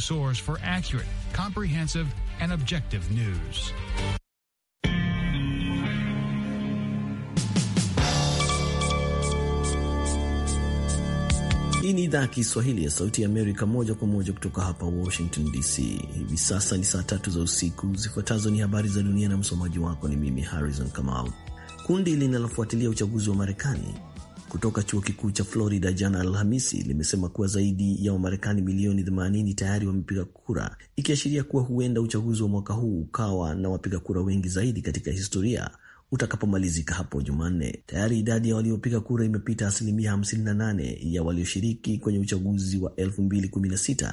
source for accurate, comprehensive, and objective news. Hii ni idhaa ya Kiswahili ya Sauti ya Amerika, moja kwa moja kutoka hapa Washington DC. Hivi sasa ni saa tatu za usiku. Zifuatazo ni habari za dunia, na msomaji wako ni mimi Harrison Kamau. Kundi linalofuatilia uchaguzi wa Marekani kutoka chuo kikuu cha Florida jana Alhamisi limesema kuwa zaidi ya Wamarekani milioni 80 tayari wamepiga kura, ikiashiria kuwa huenda uchaguzi wa mwaka huu ukawa na wapiga kura wengi zaidi katika historia utakapomalizika hapo Jumanne. Tayari idadi ya waliopiga kura imepita asilimia 58 ya walioshiriki kwenye uchaguzi wa 2016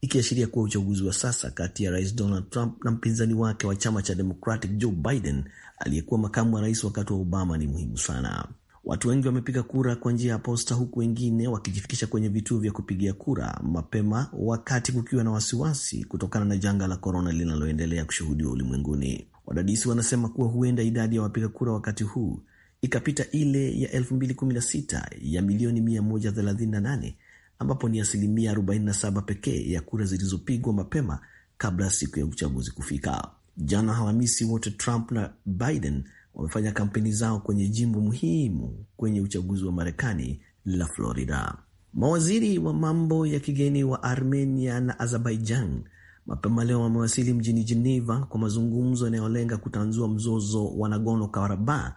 ikiashiria kuwa uchaguzi wa sasa kati ya rais Donald Trump na mpinzani wake wa chama cha Democratic Joe Biden aliyekuwa makamu wa rais wakati wa Obama ni muhimu sana. Watu wengi wamepiga kura kwa njia ya posta, huku wengine wakijifikisha kwenye vituo vya kupigia kura mapema, wakati kukiwa na wasiwasi kutokana na janga la korona linaloendelea kushuhudiwa ulimwenguni. Wadadisi wanasema kuwa huenda idadi ya wapiga kura wakati huu ikapita ile ya 2016 ya milioni 138 ambapo ni asilimia 47 pekee ya kura zilizopigwa mapema kabla siku ya uchaguzi kufika. Jana Alhamisi, wote Trump na Biden wamefanya kampeni zao kwenye jimbo muhimu kwenye uchaguzi wa Marekani la Florida. Mawaziri wa mambo ya kigeni wa Armenia na Azerbaijan mapema leo wamewasili mjini Geneva kwa mazungumzo yanayolenga kutanzua mzozo wa Nagorno Karabakh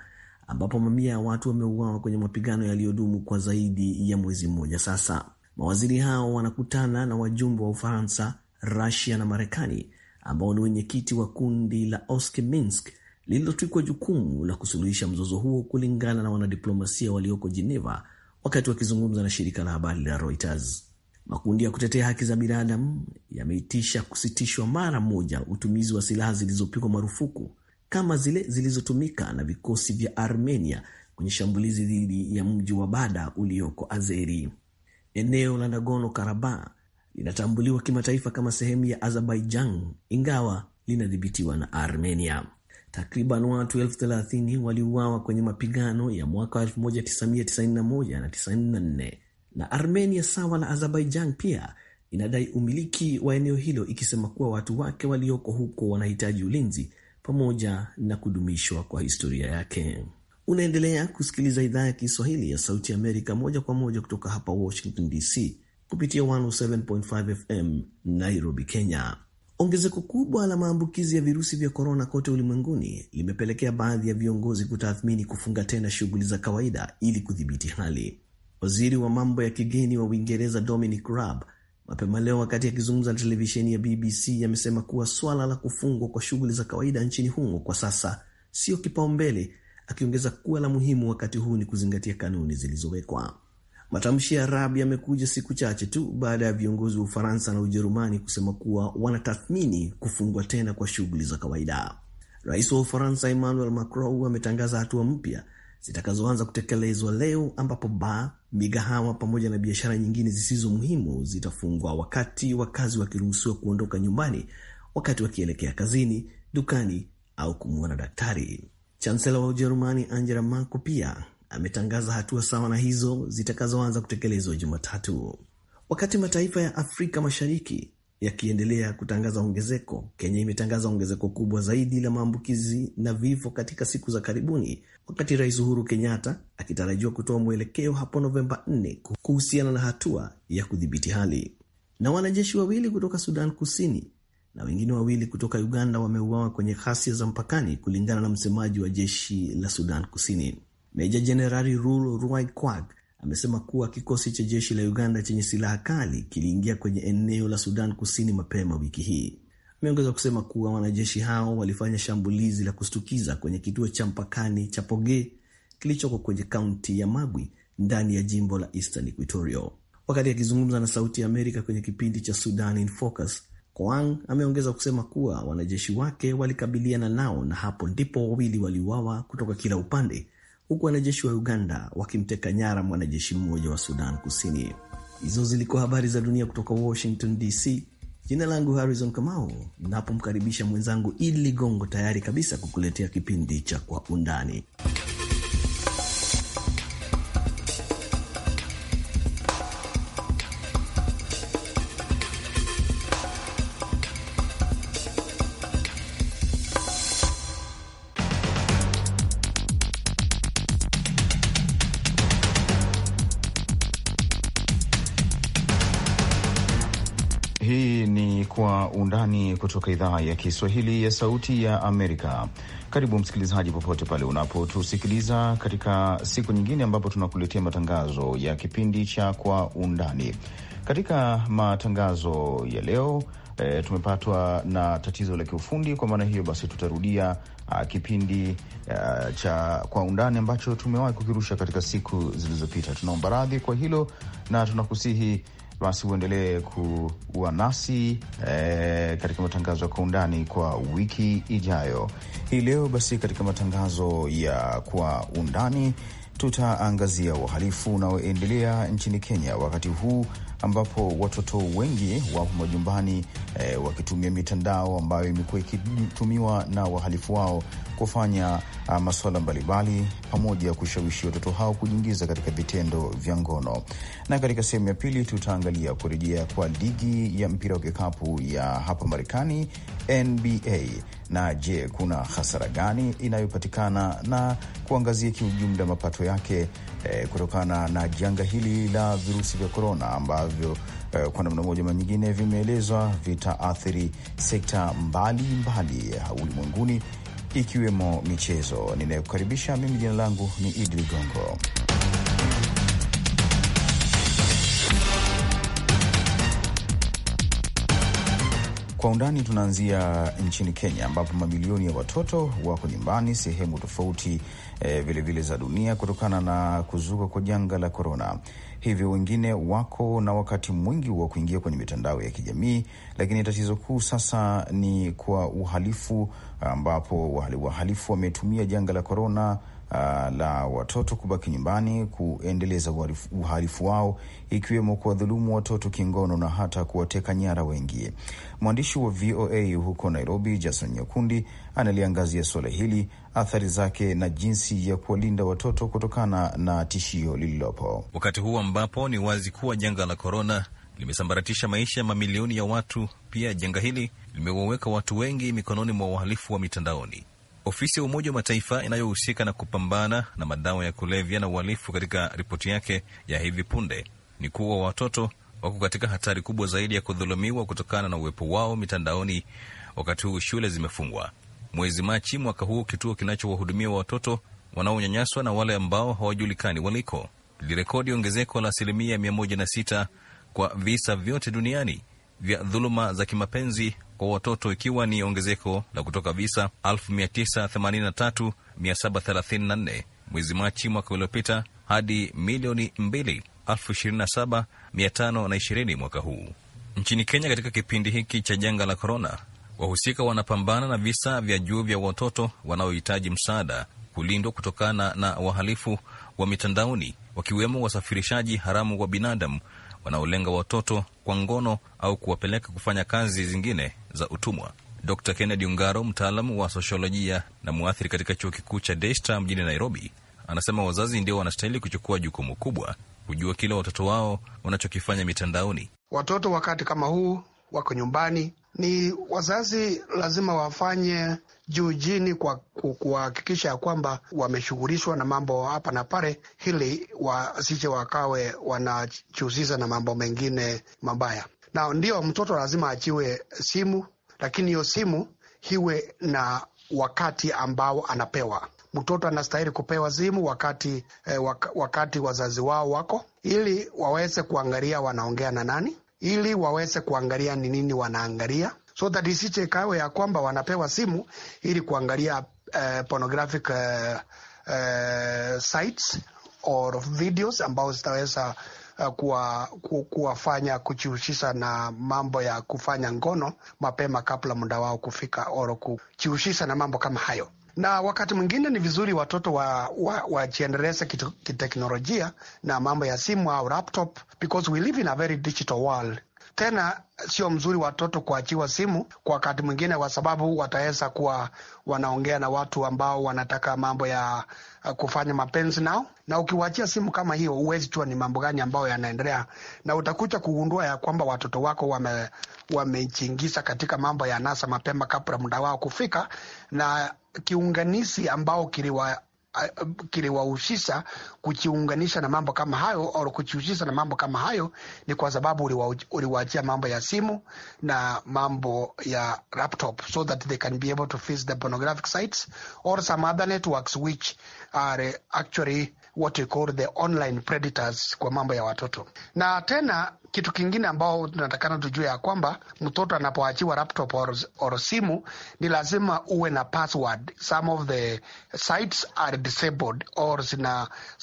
ambapo mamia ya watu wameuawa kwenye mapigano yaliyodumu kwa zaidi ya mwezi mmoja sasa. Mawaziri hao wanakutana na wajumbe wa Ufaransa, Rusia na Marekani ambao ni wenyekiti wa kundi la Osk Minsk lililotwikwa jukumu la kusuluhisha mzozo huo, kulingana na wanadiplomasia walioko Geneva wakati wakizungumza na shirika la habari la Reuters. Makundi ya kutetea haki za binadamu yameitisha kusitishwa mara moja utumizi wa silaha zilizopigwa marufuku kama zile zilizotumika na vikosi vya Armenia kwenye shambulizi dhidi ya mji wa Bada ulioko Azeri. Eneo la Nagorno Karabakh linatambuliwa kimataifa kama sehemu ya Azerbaijan ingawa linadhibitiwa na Armenia. Takriban watu elfu thelathini waliuawa kwenye mapigano ya mwaka 1991 na 94 na Armenia sawa na Azerbaijan pia inadai umiliki wa eneo hilo ikisema kuwa watu wake walioko huko wanahitaji ulinzi pamoja na kudumishwa kwa historia yake. Unaendelea kusikiliza idhaa ya Kiswahili ya Sauti Amerika moja kwa moja kutoka hapa Washington DC kupitia 107.5 FM Nairobi, Kenya. Ongezeko kubwa la maambukizi ya virusi vya korona kote ulimwenguni limepelekea baadhi ya viongozi kutathmini kufunga tena shughuli za kawaida ili kudhibiti hali. Waziri wa mambo ya kigeni wa Uingereza Dominic Raab mapema leo, wakati akizungumza na televisheni ya BBC, amesema kuwa swala la kufungwa kwa shughuli za kawaida nchini humo kwa sasa sio kipaumbele, akiongeza kuwa la muhimu wakati huu ni kuzingatia kanuni zilizowekwa. Matamshi ya rab yamekuja siku chache tu baada ya viongozi wa Ufaransa na Ujerumani kusema kuwa wanatathmini kufungwa tena kwa shughuli za kawaida. Rais wa Ufaransa Emmanuel Macron ametangaza hatua mpya zitakazoanza kutekelezwa leo, ambapo baa, migahawa pamoja na biashara nyingine zisizo muhimu zitafungwa, wakati wakazi wakiruhusiwa kuondoka nyumbani wakati wakielekea kazini, dukani au kumwona daktari. Chansela wa Ujerumani Angela Merkel pia ametangaza hatua sawa na hizo zitakazoanza kutekelezwa Jumatatu. Wakati mataifa ya Afrika Mashariki yakiendelea kutangaza ongezeko, Kenya imetangaza ongezeko kubwa zaidi la maambukizi na vifo katika siku za karibuni, wakati Rais Uhuru Kenyatta akitarajiwa kutoa mwelekeo hapo Novemba 4 kuhusiana na hatua ya kudhibiti hali. Na wanajeshi wawili kutoka Sudan Kusini na wengine wawili kutoka Uganda wameuawa kwenye ghasia za mpakani, kulingana na msemaji wa jeshi la Sudan Kusini. Meja Jenerali Rul Kwag amesema kuwa kikosi cha jeshi la Uganda chenye silaha kali kiliingia kwenye eneo la Sudan Kusini mapema wiki hii. Ameongeza kusema kuwa wanajeshi hao walifanya shambulizi la kustukiza kwenye kituo cha mpakani cha Poge kilichoko kwenye kaunti ya Magwi ndani ya jimbo la Eastern Equatoria. Wakati akizungumza na Sauti ya Amerika kwenye kipindi cha Sudan in Focus, Koang ameongeza kusema kuwa wanajeshi wake walikabiliana nao na hapo ndipo wawili waliuawa kutoka kila upande huku wanajeshi wa Uganda wakimteka nyara mwanajeshi mmoja wa Sudan Kusini. Hizo zilikuwa habari za dunia kutoka Washington DC. Jina langu Harrison Kamau, napomkaribisha mwenzangu Idi Ligongo tayari kabisa kukuletea kipindi cha Kwa Undani. kutoka idhaa ya Kiswahili ya Sauti ya Amerika. Karibu msikilizaji, popote pale unapotusikiliza katika siku nyingine ambapo tunakuletea matangazo ya kipindi cha Kwa Undani. Katika matangazo ya leo e, tumepatwa na tatizo la kiufundi. Kwa maana hiyo basi, tutarudia a, ah, kipindi a, ah, cha kwa undani ambacho tumewahi kukirusha katika siku zilizopita. Tunaomba radhi kwa hilo na tunakusihi basi uendelee kuwa nasi e, katika matangazo ya kwa undani kwa wiki ijayo. Hii leo basi katika matangazo ya kwa undani tutaangazia uhalifu unaoendelea nchini Kenya wakati huu ambapo watoto wengi wapo majumbani e, wakitumia mitandao ambayo imekuwa ikitumiwa na wahalifu wao kufanya ah, masuala mbalimbali pamoja ya kushawishi watoto hao kujiingiza katika vitendo vya ngono. Na katika sehemu ya pili tutaangalia kurejea kwa ligi ya mpira wa kikapu ya hapa Marekani, NBA, na je, kuna hasara gani inayopatikana na kuangazia kiujumla mapato yake eh, kutokana na janga hili la virusi vya korona ambavyo eh, kwa namna moja manyingine vimeelezwa vitaathiri sekta mbalimbali ulimwenguni ikiwemo michezo. Ninayekukaribisha mimi, jina langu ni Idi Ligongo. Kwa undani tunaanzia nchini Kenya ambapo mamilioni ya watoto wako nyumbani sehemu tofauti vilevile, eh, e, vile za dunia kutokana na kuzuka kwa janga la korona hivyo wengine wako na wakati mwingi wa kuingia kwenye mitandao ya kijamii, lakini tatizo kuu sasa ni kwa uhalifu, ambapo wahalifu wametumia janga la korona uh, la watoto kubaki nyumbani kuendeleza uhalifu wao ikiwemo kuwadhulumu watoto kingono na hata kuwateka nyara wengi. Mwandishi wa VOA huko Nairobi, Jason Nyakundi analiangazia suala hili, athari zake na jinsi ya kuwalinda watoto kutokana na tishio lililopo, wakati huu ambapo ni wazi kuwa janga la korona limesambaratisha maisha ya mamilioni ya watu. Pia janga hili limewaweka watu wengi mikononi mwa uhalifu wa mitandaoni. Ofisi ya Umoja wa Mataifa inayohusika na kupambana na madawa ya kulevya na uhalifu, katika ripoti yake ya hivi punde ni kuwa watoto wako katika hatari kubwa zaidi ya kudhulumiwa kutokana na uwepo wao mitandaoni, wakati huu shule zimefungwa. Mwezi Machi mwaka huu, kituo kinachowahudumia watoto wanaonyanyaswa na wale ambao hawajulikani waliko lilirekodi ongezeko la asilimia 106 kwa visa vyote duniani vya dhuluma za kimapenzi kwa watoto ikiwa ni ongezeko la kutoka visa 1983,734 mwezi Machi mwaka uliopita hadi milioni 227520 mwaka huu. Nchini Kenya, katika kipindi hiki cha janga la korona, wahusika wanapambana na visa vya juu vya watoto wanaohitaji msaada kulindwa kutokana na wahalifu wa mitandaoni, wakiwemo wasafirishaji haramu wa binadamu wanaolenga watoto kwa ngono au kuwapeleka kufanya kazi zingine za utumwa. Dr Kennedy Ungaro, mtaalamu wa sosiolojia na mwathiri katika chuo kikuu cha Desta mjini Nairobi, anasema wazazi ndio wanastahili kuchukua jukumu kubwa kujua kile watoto wao wanachokifanya mitandaoni. Watoto wakati kama huu wako nyumbani, ni wazazi lazima wafanye juu jini kwa kuhakikisha ya kwamba wameshughulishwa na mambo hapa na pale, ili wasije wakawe wanachuziza na mambo mengine mabaya. Na ndiyo mtoto lazima achiwe simu, lakini hiyo simu hiwe na wakati ambao anapewa. Mtoto anastahili kupewa simu wakati, eh, wakati wazazi wao wako, ili waweze kuangalia wanaongea na nani ili waweze kuangalia ni nini wanaangalia, so that isiche ikawe ya kwamba wanapewa simu ili kuangalia uh, pornographic uh, uh, sites or videos ambao zitaweza kuwa, ku, kuwafanya kujihusisha na mambo ya kufanya ngono mapema kabla muda wao kufika, oro kujihusisha na mambo kama hayo na wakati mwingine ni vizuri watoto wajiendeleze wa, wa kiteknolojia na mambo ya simu au laptop because we live in a very digital world. Tena sio mzuri watoto kuachiwa simu kwa wakati mwingine, kwa sababu wataweza kuwa wanaongea na watu ambao wanataka mambo ya uh, kufanya mapenzi nao, na ukiwachia simu kama hiyo, huwezi jua ni mambo gani ambayo yanaendelea, na utakuja kugundua ya kwamba watoto wako wame wamejiingiza katika mambo ya nasa mapema kabla muda wao kufika, na kiunganishi ambao kiliwa kiliwahusisha kujiunganisha na mambo kama hayo au kujihusisha na mambo kama hayo ni kwa sababu uliwaachia mambo ya simu na mambo ya laptop so that they can be able to face the pornographic sites or some other networks which are actually what we call the online predators kwa mambo ya watoto. Na tena kitu kingine ambao tunatakana tujue ya kwamba mtoto anapoachiwa laptop or, or simu ni lazima uwe na password. Some of the sites are disabled or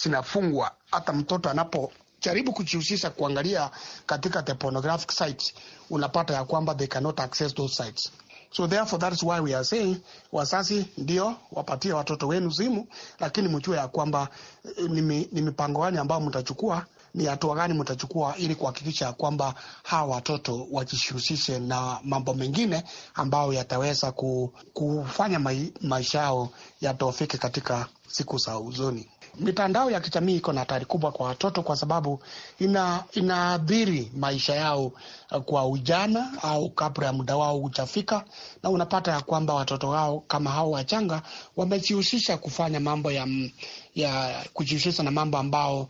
zinafungwa hata mtoto anapo jaribu kujihusisha kuangalia katika the pornographic sites, unapata ya kwamba they cannot access those sites. So therefore that is why we are saying wazazi ndio wapatie watoto wenu simu, lakini mjue ya kwamba eh, ni mipango gani ambayo mtachukua ni hatua gani mtachukua ili kuhakikisha kwamba hawa watoto wajishihusishe na mambo mengine ambayo yataweza kufanya maisha yao yatofike katika siku za uzoni. Mitandao ya kijamii iko na hatari kubwa kwa watoto kwa sababu ina inaathiri maisha yao kwa ujana au kabla ya muda wao hujafika, na unapata ya kwamba watoto wao kama hao wachanga wamejihusisha kufanya mambo ya ya kujihusisha na mambo ambao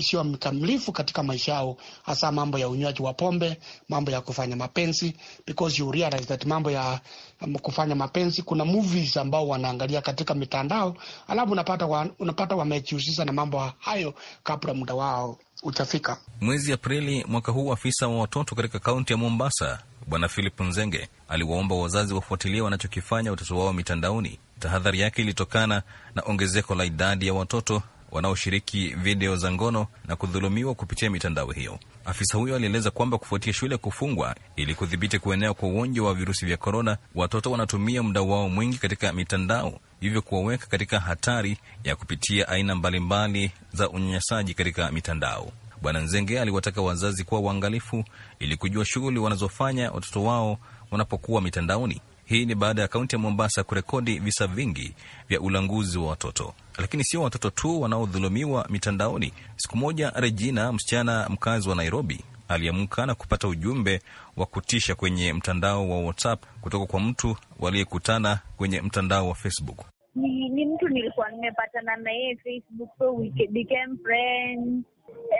sio mkamilifu katika maisha yao, hasa mambo ya unywaji wa pombe, mambo ya kufanya mapenzi, because you realize that mambo ya um, kufanya mapenzi, kuna movies ambao wanaangalia katika mitandao, alafu unapata wa, unapata wamejihusisha na mambo hayo kabla muda wao utafika. Mwezi Aprili mwaka huu, afisa wa watoto katika kaunti ya Mombasa Bwana Philip Nzenge aliwaomba wazazi wafuatilie wanachokifanya watoto wao mitandaoni Tahadhari yake ilitokana na ongezeko la idadi ya watoto wanaoshiriki video za ngono na kudhulumiwa kupitia mitandao hiyo. Afisa huyo alieleza kwamba kufuatia shule kufungwa ili kudhibiti kuenea kwa ugonjwa wa virusi vya korona, watoto wanatumia muda wao mwingi katika mitandao, hivyo kuwaweka katika hatari ya kupitia aina mbalimbali za unyanyasaji katika mitandao. Bwana Nzenge aliwataka wazazi kuwa waangalifu ili kujua shughuli wanazofanya watoto wao wanapokuwa mitandaoni. Hii ni baada ya kaunti ya Mombasa kurekodi visa vingi vya ulanguzi wa watoto, lakini sio watoto tu wanaodhulumiwa mitandaoni. Siku moja, Regina, msichana mkazi wa Nairobi, aliamka na kupata ujumbe wa kutisha kwenye mtandao wa WhatsApp kutoka kwa mtu waliyekutana kwenye mtandao wa Facebook. Ni, ni mtu nilikuwa nimepatana na yeye Facebook, so we became friends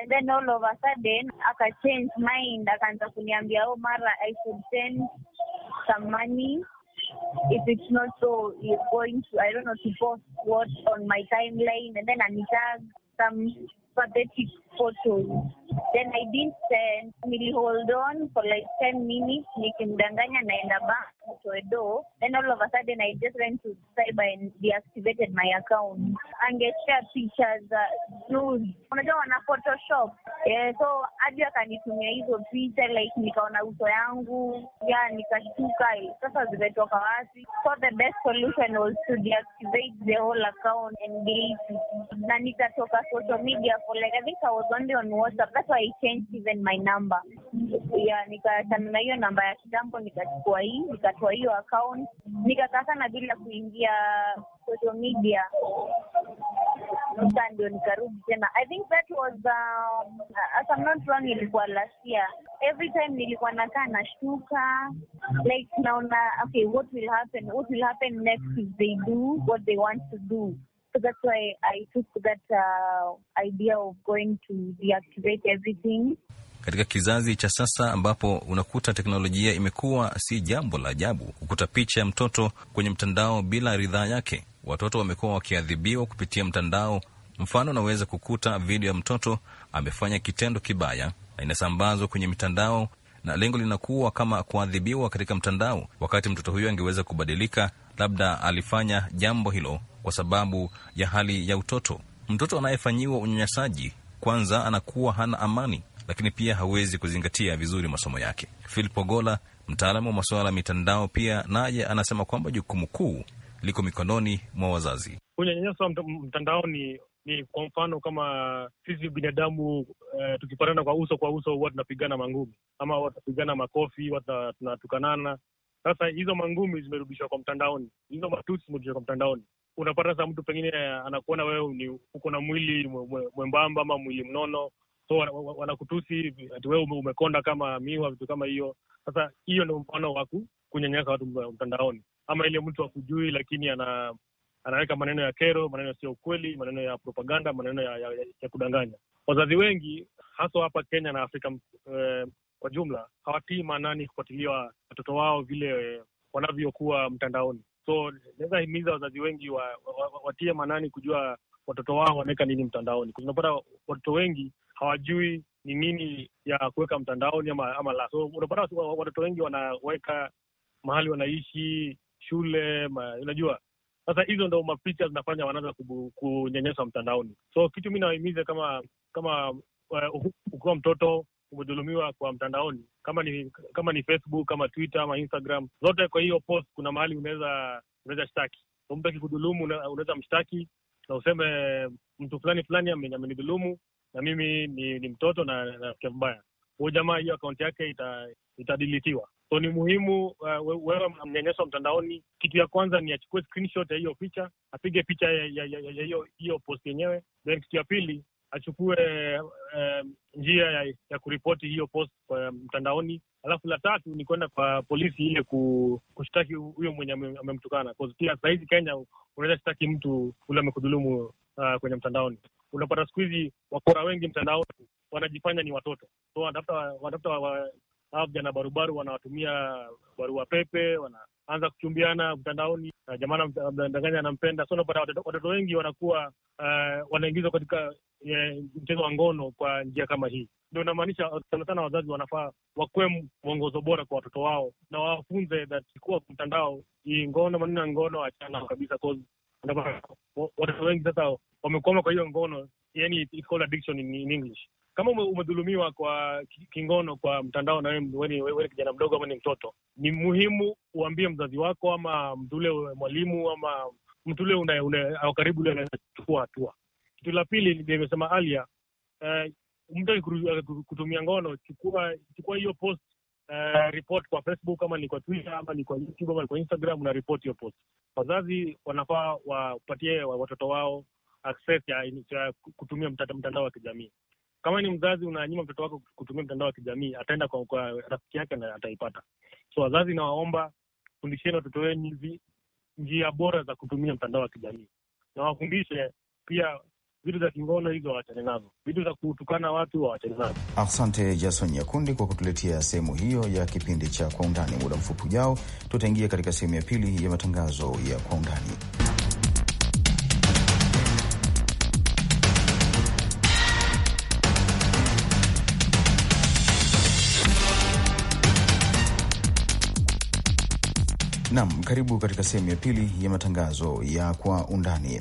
and then all of a sudden aka change mind, akaanza kuniambia oh, mara I should send some money if it's not so, you're going to, I don't know, to post what on my timeline and then I tag some pathetic photos. Then I didn't send. Nilihold on for like 10 minutes nikimdanganya naenda back nitoe do. Then all of a sudden I just went to cyber and deactivated my account. Angeshare pictures za uh, unajua wana photoshop yeah, so hadi akanitumia hizo picha like nikaona uso yangu ya nikashtuka, sasa zimetoka wapi? So the best solution was to deactivate the whole account and delete it, na nikatoka social media for like I think I was only on WhatsApp. That's why I changed even my number. Yeah, nikachana hiyo namba ya kitambo nikachukua hii nikatoa hiyo account nikakaa sana bila kuingia social media sasa ndio nikarudi tena. I think that was um, as I'm not wrong, ilikuwa last year. Every time nilikuwa nakaa nashtuka, like naona okay, what will happen, what will happen next if they do what they want to do So that's why I took that uh, idea of going to deactivate everything. Katika kizazi cha sasa ambapo unakuta teknolojia imekuwa si jambo la ajabu kukuta picha ya mtoto kwenye mtandao bila ridhaa yake. Watoto wamekuwa wakiadhibiwa kupitia mtandao. Mfano, unaweza kukuta video ya mtoto amefanya kitendo kibaya na inasambazwa kwenye mitandao, na lengo linakuwa kama kuadhibiwa katika mtandao, wakati mtoto huyo angeweza kubadilika, labda alifanya jambo hilo kwa sababu ya hali ya utoto. Mtoto anayefanyiwa unyanyasaji kwanza anakuwa hana amani, lakini pia hawezi kuzingatia vizuri masomo yake. Philip Ogola, mtaalamu wa masuala ya mitandao, pia naye anasema kwamba jukumu kuu liko mikononi mwa wazazi. Unyanyanyaso wa mtandaoni ni kwa mfano kama sisi binadamu eh, tukipatana kwa uso kwa uso huwa tunapigana mangumi ama watapigana makofi, huwa tunatukanana. Sasa hizo mangumi zimerudishwa kwa mtandaoni, hizo matusi zimerudishwa kwa mtandaoni unapata sa mtu pengine anakuona wewe ni uko na mwili mwembamba ama mwili mnono, so wanakutusi ati wewe umekonda kama miwa, vitu kama hiyo. Sasa hiyo ndio mfano wa kunyanyasa watu mtandaoni, ama ile mtu akujui, lakini ana anaweka maneno ya kero, maneno sio ukweli, maneno ya propaganda, maneno ya, ya, ya kudanganya. Wazazi wengi haswa hapa Kenya na Afrika eh, kwa jumla hawatii maanani kufuatilia watoto wao vile eh, wanavyokuwa mtandaoni. So naweza himiza wazazi wengi wa, wa, wa, watie manani kujua watoto wao wanaweka nini mtandaoni. Unapata watoto wengi hawajui ni nini ya kuweka mtandaoni ama, ama la. So unapata watoto wengi wanaweka mahali wanaishi, shule ma, unajua sasa hizo ndo mapicha zinafanya wanaanza kunyenyeswa mtandaoni. So kitu mi nawahimiza kama kama uh, ukiwa mtoto umedhulumiwa kwa mtandaoni, kama ni kama ni Facebook, kama Twitter, ama Instagram, zote. Kwa hiyo post, kuna mahali unaweza unaweza shtaki mtu akikudhulumu, unaweza mshtaki na useme mtu fulani fulani amenidhulumu na mimi ni, ni mtoto na nafikia vibaya huyo jamaa, hiyo akaunti yake ita, itadilitiwa. So ni muhimu uh, wewe mnyanyaso mtandaoni, kitu ya kwanza ni achukue screenshot ya hiyo picha, apige picha ya hiyo post yenyewe, then kitu ya pili achukue eh, njia ya, ya kuripoti hiyo post kwa mtandaoni. Alafu la tatu ni kwenda kwa polisi ile kushtaki huyo mwenye amemtukana. Pia sahizi Kenya unaweza shtaki mtu ule amekudhulumu uh, kwenye mtandaoni. Unapata siku hizi wakora wengi mtandaoni wanajifanya ni watoto, so wanatafuta hawa vijana barubaru, wanawatumia barua pepe, wanaanza kuchumbiana mtandaoni, ah, jamaa anamdanganya anampenda. So unapata watoto wengi wanakuwa uh, wanaingizwa katika mchezo wa ngono kwa njia kama hii. Ndio inamaanisha sana sana wazazi wanafaa wakuwe mwongozo bora kwa watoto wao na wawafunze kuwa mtandao hii ngono, maneno ya ngono achana kabisa. Watoto wengi sasa wamekwama kwa hiyo ngono, yani it's called addiction in, in English. Kama umedhulumiwa kwa kingono kwa mtandao na wewe kijana mdogo ama ni mtoto, ni muhimu uambie mzazi wako ama mtule mwalimu ama mtule au karibu, ule hatua kitu la pili ndio imesema alia uh, eh, mtu akikutumia ngono, chukua chukua hiyo post uh, report kwa Facebook kama ni kwa Twitter ama ni kwa YouTube ama ni kwa Instagram, na report hiyo post. Wazazi wanafaa wapatie watoto wao access ya ya kutumia mtandao wa kijamii. Kama ni mzazi unanyima mtoto wako kutumia mtandao wa kijamii, ataenda kwa, kwa rafiki yake na ataipata. So wazazi nawaomba, fundisheni watoto wenu hizi njia bora za kutumia mtandao wa kijamii na wafundishe pia vitu za kingono hizo waachane nazo, vitu za kutukana watu waachane nazo. Asante Jason Nyakundi kwa kutuletea sehemu hiyo ya kipindi cha Kwa Undani. Muda mfupi ujao tutaingia katika sehemu ya pili ya matangazo ya Kwa Undani. Nam, karibu katika sehemu ya pili ya matangazo ya Kwa Undani.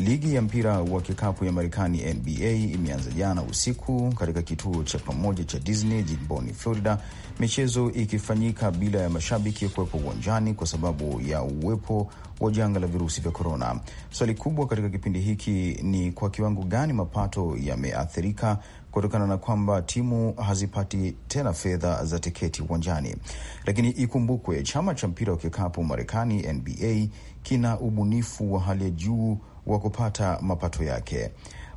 Ligi ya mpira wa kikapu ya Marekani, NBA, imeanza jana usiku katika kituo cha pamoja cha Disney jimboni Florida, michezo ikifanyika bila ya mashabiki kuwepo uwanjani kwa sababu ya uwepo wa janga la virusi vya korona. Swali kubwa katika kipindi hiki ni kwa kiwango gani mapato yameathirika kutokana na kwamba timu hazipati tena fedha za tiketi uwanjani. Lakini ikumbukwe, chama cha mpira wa kikapu Marekani, NBA, kina ubunifu wa hali ya juu wa kupata mapato yake.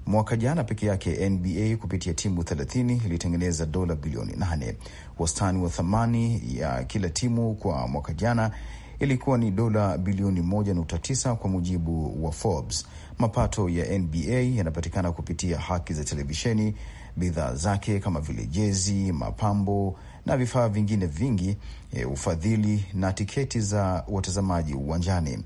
Mwaka jana peke yake NBA kupitia timu 30 ilitengeneza dola bilioni 8. Wastani wa thamani ya kila timu kwa mwaka jana ilikuwa ni dola bilioni 1.9 kwa mujibu wa Forbes. Mapato ya NBA yanapatikana kupitia haki za televisheni, bidhaa zake kama vile jezi, mapambo na vifaa vingine vingi, e, ufadhili na tiketi za watazamaji uwanjani.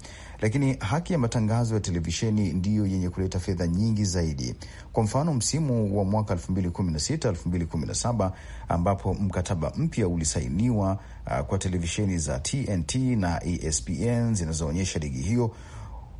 Lakini haki ya matangazo ya televisheni ndiyo yenye kuleta fedha nyingi zaidi. Kwa mfano, msimu wa mwaka 2016 2017 ambapo mkataba mpya ulisainiwa kwa televisheni za TNT na ESPN zinazoonyesha ligi hiyo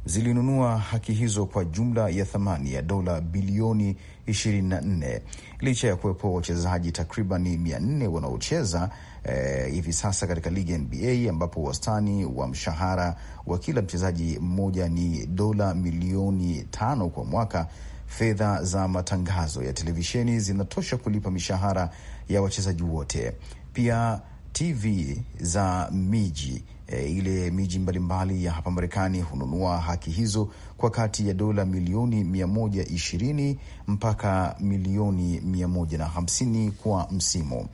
zilinunua haki hizo kwa jumla ya thamani ya dola bilioni 24 licha ya kuwepo wachezaji takribani 400 wanaocheza eh, hivi e, sasa katika ligi ya NBA ambapo wastani wa mshahara wa kila mchezaji mmoja ni dola milioni tano kwa mwaka. Fedha za matangazo ya televisheni zinatosha kulipa mishahara ya wachezaji wote pia TV za miji e, ile miji mbalimbali ya hapa Marekani hununua haki hizo kwa kati ya dola milioni 120 mpaka milioni 150 kwa msimu.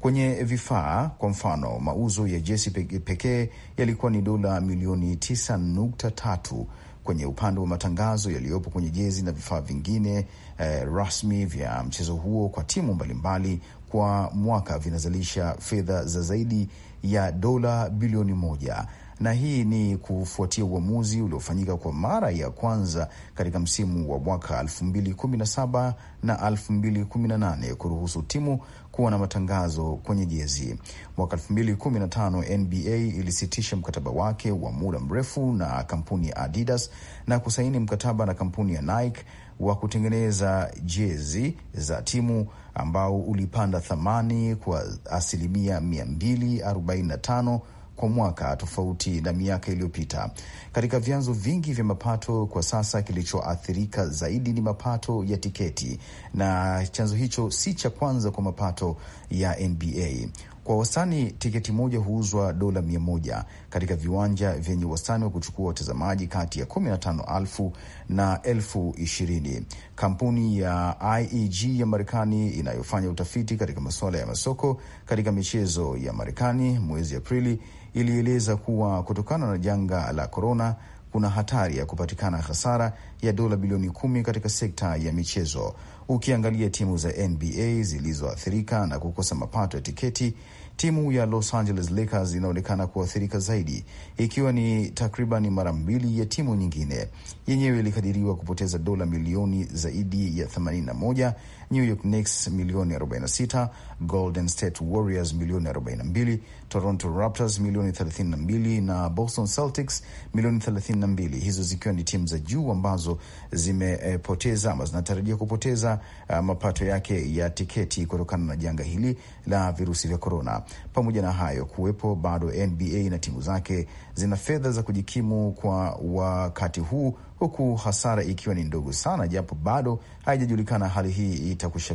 Kwenye vifaa, kwa mfano, mauzo ya jesi pekee yalikuwa ni dola milioni 9.3 kwenye upande wa matangazo yaliyopo kwenye jezi na vifaa vingine eh, rasmi vya mchezo huo kwa timu mbalimbali kwa mwaka vinazalisha fedha za zaidi ya dola bilioni moja na hii ni kufuatia uamuzi uliofanyika kwa mara ya kwanza katika msimu wa mwaka 217 na 218 kuruhusu timu kuwa na matangazo kwenye jezi. Mwaka 215 NBA ilisitisha mkataba wake wa muda mrefu na kampuni ya Adidas na kusaini mkataba na kampuni ya Nike wa kutengeneza jezi za timu ambao ulipanda thamani kwa asilimia 245 kwa mwaka tofauti na miaka iliyopita. Katika vyanzo vingi vya mapato kwa sasa, kilichoathirika zaidi ni mapato ya tiketi, na chanzo hicho si cha kwanza kwa mapato ya NBA. Kwa wastani tiketi moja huuzwa dola mia moja katika viwanja vyenye wastani wa kuchukua watazamaji kati ya kumi na tano alfu na elfu ishirini. Kampuni ya IEG ya Marekani inayofanya utafiti katika masuala ya masoko katika michezo ya Marekani mwezi Aprili ilieleza kuwa kutokana na janga la korona kuna hatari ya kupatikana hasara ya dola bilioni kumi katika sekta ya michezo ukiangalia timu za NBA zilizoathirika na kukosa mapato ya tiketi Timu ya Los Angeles Lakers inaonekana kuathirika zaidi, ikiwa ni takriban mara mbili ya timu nyingine. Yenyewe ilikadiriwa kupoteza dola milioni zaidi ya 81, New York Knicks milioni 46, Golden State Warriors milioni 42, Toronto Raptors milioni 32 na Boston Celtics milioni 32, hizo zikiwa ni timu za juu ambazo zimepoteza ama zinatarajia kupoteza eh, mapato yake ya tiketi kutokana na janga hili la virusi vya korona. Pamoja na hayo kuwepo, bado NBA na timu zake zina fedha za kujikimu kwa wakati huu, huku hasara ikiwa ni ndogo sana, japo bado haijajulikana hali hii itakwisha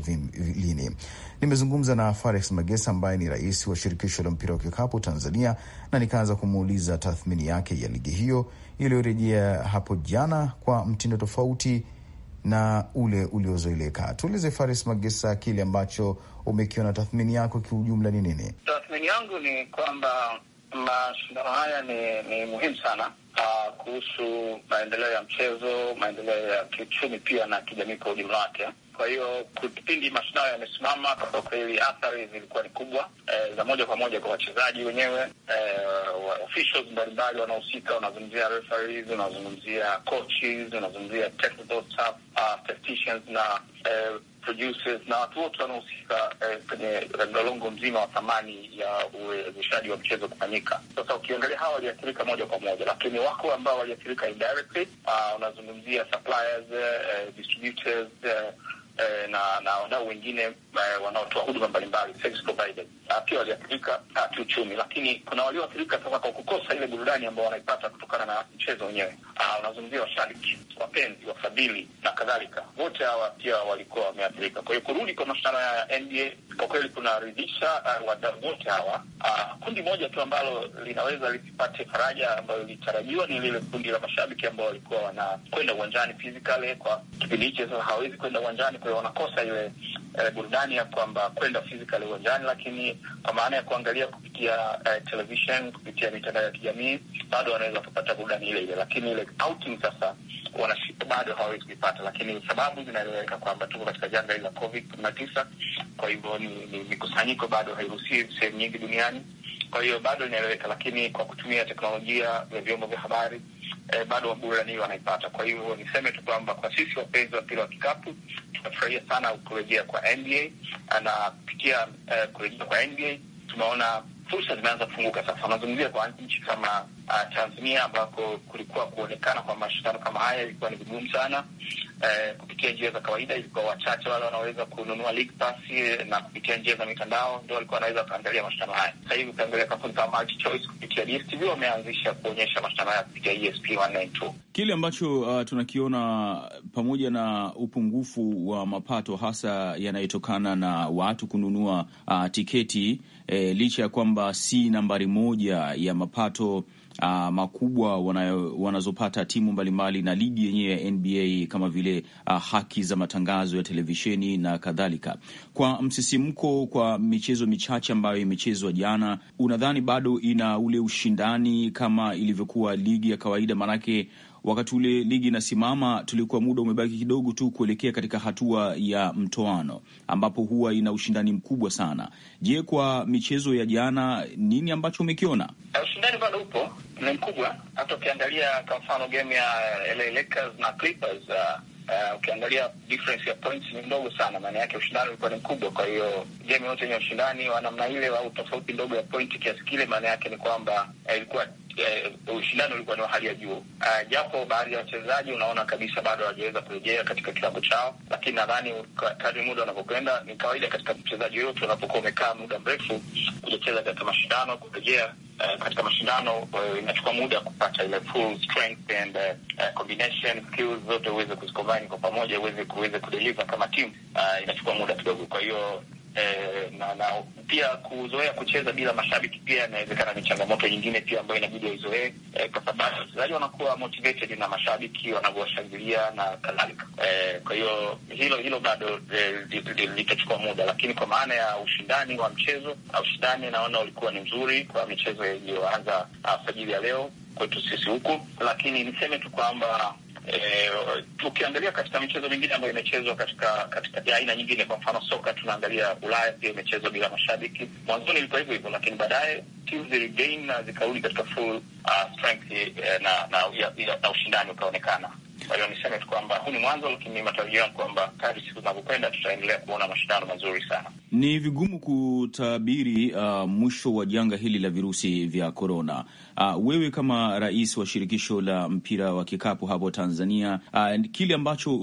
lini. Nimezungumza na Farex Magesa ambaye ni rais wa shirikisho la mpira wa kikapu Tanzania, na nikaanza kumuuliza tathmini yake ya ligi hiyo iliyorejea hapo jana kwa mtindo tofauti na ule uliozoeleka. Tueleze Faris Magesa, kile ambacho umekiona, tathmini yako kiujumla ni nini? Tathmini yangu ni kwamba mashindano haya ni, ni muhimu sana uh, kuhusu maendeleo ya mchezo, maendeleo ya kiuchumi pia na kijamii kwa ujumla wake. Kwa hiyo kipindi mashindano yamesimama, kwa kweli athari zilikuwa ni kubwa e, za moja kwa moja kwa wachezaji wenyewe e, wa officials mbalimbali wanahusika wanazungumzia referees, wanazungumzia coaches, wanazungumzia technical staff, uh, tacticians na uh, producers na watu wote wanaohusika eh, kwenye mlolongo mzima wa thamani ya uwezeshaji wa mchezo kufanyika. Sasa ukiangalia hawa waliathirika moja kwa moja, lakini wako ambao waliathirika indirectly. Uh, ah, unazungumzia suppliers, eh, distributors eh, eh, na na wadau wengine eh, wanaotoa huduma mbalimbali service providers pia waliathirika ah, kiuchumi, lakini kuna walioathirika sasa kwa kukosa ile burudani ambao wanaipata kutokana na mchezo wenyewe. Unazungumzia ah, washabiki, wapenzi, wafadhili na kadhalika, wote hawa pia walikuwa wameathirika. Kwa hiyo kurudi kwa mashindano ya NBA kwa kweli kunaridhisha uh, wadau wote hawa. Uh, kundi moja tu ambalo linaweza lisipate faraja ambayo ilitarajiwa ni lile kundi la mashabiki ambao walikuwa wanakwenda uwanjani physically kwa kipindi hicho. Sasa hawawezi kwenda uwanjani wanakosa ile eh, burudani ya kwamba kwenda physical uwanjani, lakini kwa maana ya kuangalia kupitia eh, television, kupitia mitandao ya kijamii bado wanaweza kupata burudani ile ile, lakini ile outing sasa bado hawawezi kuipata, lakini sababu zinaeleweka kwamba tuko katika janga hili la Covid kumi na tisa. Kwa hivyo ni mikusanyiko bado hairuhusiwi sehemu nyingi duniani, kwa hiyo bado inaeleweka, lakini kwa kutumia teknolojia ya vyombo vya habari eh, bado waburani wanaipata. Kwa hivyo niseme tu kwamba kwa sisi wapenzi wa mpira wa kikapu tunafurahia sana kurejea kwa NBA na kupitia eh, kurejea kwa NBA tumeona fursa zimeanza kufunguka sasa. Unazungumzia kwa nchi kama uh, Tanzania ambako kulikuwa kuonekana kwa mashindano kama haya ilikuwa ni vigumu sana eh, kupitia njia za kawaida. Ilikuwa wachache wale wanaweza kununua league pass eh, na kupitia njia za mitandao ndio walikuwa wanaweza wakaangalia mashindano haya. Sasa hivi ukiangalia kampuni kama MultiChoice kupitia DSTV wameanzisha kuonyesha mashindano haya kupitia ESP 192. Kile ambacho uh, tunakiona pamoja na upungufu wa mapato hasa yanayotokana na watu kununua uh, tiketi e, licha ya kwamba si nambari moja ya mapato Uh, makubwa wanayo, wanazopata timu mbalimbali na ligi yenyewe ya NBA kama vile uh, haki za matangazo ya televisheni na kadhalika. Kwa msisimko, kwa michezo michache ambayo imechezwa jana, unadhani bado ina ule ushindani kama ilivyokuwa ligi ya kawaida? Maanake wakati ule ligi inasimama, tulikuwa muda umebaki kidogo tu kuelekea katika hatua ya mtoano ambapo huwa ina ushindani mkubwa sana. Je, kwa michezo ya jana, nini ambacho umekiona? Eh, ushindani bado upo, ni mkubwa. Hata ukiangalia kwa mfano game ya LA Lakers na Clippers, uh, uh, ukiangalia difference ya points ni ndogo sana, maana yake ushindani ulikuwa ni mkubwa. Kwa hiyo game yote yenye ushindani wa namna ile au tofauti ndogo ya pointi kiasi kile, maana yake ni kwamba ilikuwa Eh, ushindani ulikuwa ni wa hali ya juu, ah, japo baadhi ya wachezaji unaona kabisa bado hawajaweza kurejea katika kilabu chao, lakini nadhani kadri muda unavyokwenda, ni kawaida katika mchezaji yoyote unapokuwa umekaa muda mrefu kujacheza katika mashindano, kurejea Uh, katika mashindano uh, inachukua muda kupata ile full strength and uh, uh, combination skills zote uweze kuzicombine kwa pamoja, uweze kuweze kudeliver kama team. Uh, inachukua muda kidogo, kwa hiyo Eh, na, na pia kuzoea kucheza bila mashabiki pia inawezekana ni changamoto nyingine pia ambayo inabidi waizoee, eh, kwa sababu wachezaji wanakuwa motivated na mashabiki wanavyowashangilia na kadhalika. Eh, kwa hiyo hilo hilo bado eh, litachukua muda, lakini kwa maana ya ushindani wa mchezo na ushindani naona ulikuwa ni mzuri kwa michezo iliyoanza alfajiri ah, ya leo kwetu sisi huku, lakini niseme tu kwamba Eh, tukiangalia katika michezo mingine ambayo imechezwa katika katika aina nyingine, kwa mfano soka, tunaangalia Ulaya pia imechezwa bila mashabiki. Mwanzoni ilikuwa hivyo hivyo, lakini baadaye timu ziligain na zikarudi katika full uh, strength, eh, na, na, na, na ushindani ukaonekana. Kwa hiyo niseme tu kwamba huu ni mwanzo, lakini matarajio yangu kwamba kadri siku zinavyokwenda tutaendelea kuona mashindano mazuri sana. Ni vigumu kutabiri uh, mwisho wa janga hili la virusi vya korona. Uh, wewe kama rais wa shirikisho la mpira wa kikapu hapo Tanzania, uh, kile ambacho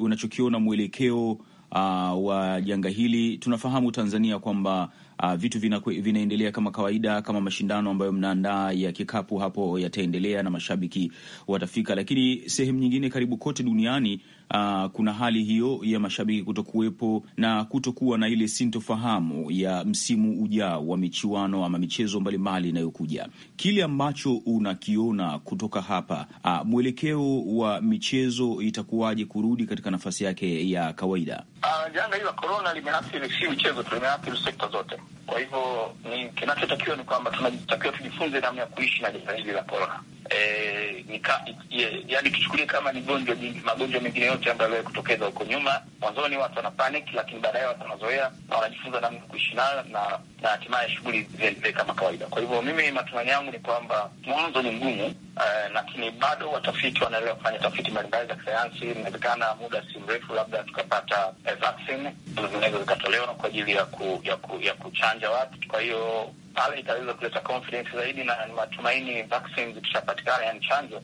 unachokiona mwelekeo uh, wa janga hili, tunafahamu Tanzania kwamba uh, vitu vinaendelea kama kawaida, kama mashindano ambayo mnaandaa ya kikapu hapo yataendelea na mashabiki watafika, lakini sehemu nyingine karibu kote duniani uh, kuna hali hiyo ya mashabiki kutokuwepo na kutokuwa na ile sintofahamu ya msimu ujao wa michuano ama michezo mbalimbali inayokuja. Kile ambacho unakiona kutoka hapa, uh, mwelekeo wa michezo itakuwaje kurudi katika nafasi yake ya kawaida? Uh, janga hili la korona limeathiri si michezo tu, limeathiri sekta zote kwa hivyo ni kinachotakiwa ni kwamba tunatakiwa tujifunze namna ya kuishi na janga hili la korona. E, ye, yani tuchukulie kama ni gonjwa magonjwa mengine yote ambayo aliwahi kutokeza huko nyuma. Mwanzoni watu wana panic, lakini baadaye watu wanazoea na wanajifunza namna ya kuishi nayo na na hatimaye shughuli ziendelee kama kawaida. Kwa hivyo mimi matumaini yangu ni kwamba mwanzo ni mgumu, eh, lakini uh, bado watafiti wanaendelea kufanya tafiti mbalimbali za kisayansi. Inawezekana muda si mrefu labda tukapata eh, vaccine zinaweza zikatolewa kwa ajili ya, ku, ya, ku, ya kuchanja watu. Kwa hiyo pale itaweza kuleta confidence zaidi, na ni matumaini vaccine yani chanjo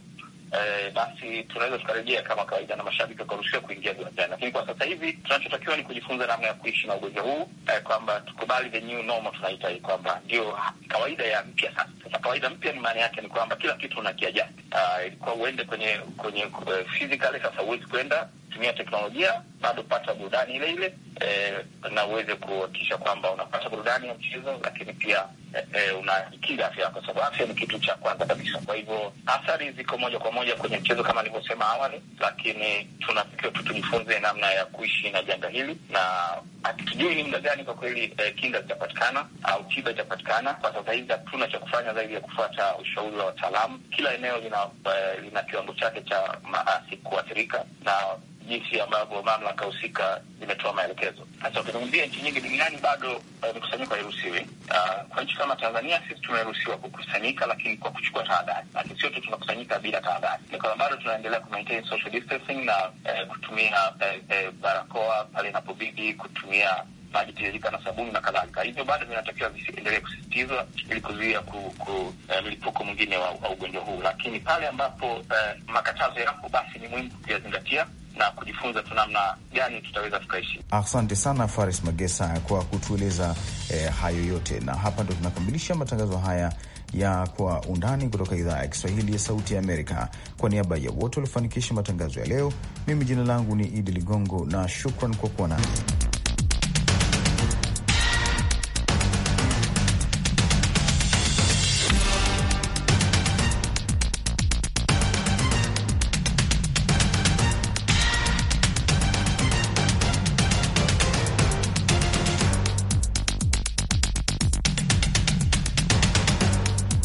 Eh, basi tunaweza tukarejea kama kawaida na mashabiki wakaruhusiwa kuingia viwanjani. Lakini kwa sasa hivi tunachotakiwa ni kujifunza namna ya kuishi na ugonjwa huu eh, kwamba tukubali the new normal tunaita hii, kwamba ndio kawaida ya mpya sasa. Sasa kawaida mpya ni maana yake ni kwamba kila kitu unakiaja. Ah, Ilikuwa uende kwenye kwenye uh, physically, sasa huwezi kwenda kutumia teknolojia bado pata burudani ile ile eh, na uweze kuhakikisha kwamba unapata burudani ya mchezo, lakini pia eh, eh unajikinga afya yako, sababu afya ni kitu cha kwanza kabisa. Kwa hivyo athari ziko moja kwa moja kwenye mchezo kama nilivyosema awali, lakini tunatakiwa tu tujifunze namna ya kuishi na janga hili, na hatujui ni muda gani kwa kweli eh, kinga zitapatikana au tiba itapatikana. Kwa sasa hivi hatuna cha kufanya zaidi ya kufuata ushauri wa wataalamu. Kila eneo lina, eh, lina kiwango chake cha maasi ah, kuathirika na jinsi ambavyo mamlaka husika imetoa maelekezo. Sasa ukizungumzia nchi nyingi duniani bado eh, mikusanyiko uh, hairuhusiwi. Uh, kwa nchi kama Tanzania sisi tumeruhusiwa kukusanyika, lakini kwa kuchukua tahadhari, lakini sio tu tunakusanyika bila tahadhari. Ni kwamba bado tunaendelea ku social distancing na eh, kutumia eh, eh, barakoa pale inapobidi, kutumia maji tiririka na sabuni na kadhalika. Hivyo bado vinatakiwa visiendelee kusisitizwa ili kuzuia ku, ku, eh, mlipuko mwingine wa, wa ugonjwa huu, lakini pale ambapo eh, makatazo yapo, basi ni muhimu kuyazingatia na kujifunza tu namna gani tutaweza tukaishi. Asante sana Faris Magesa kwa kutueleza eh, hayo yote, na hapa ndo tunakamilisha matangazo haya ya Kwa Undani kutoka idhaa ya Kiswahili ya Sauti ya Amerika. Kwa niaba ya wote waliofanikisha matangazo ya leo, mimi jina langu ni Idi Ligongo na shukran kwa kuwa nami.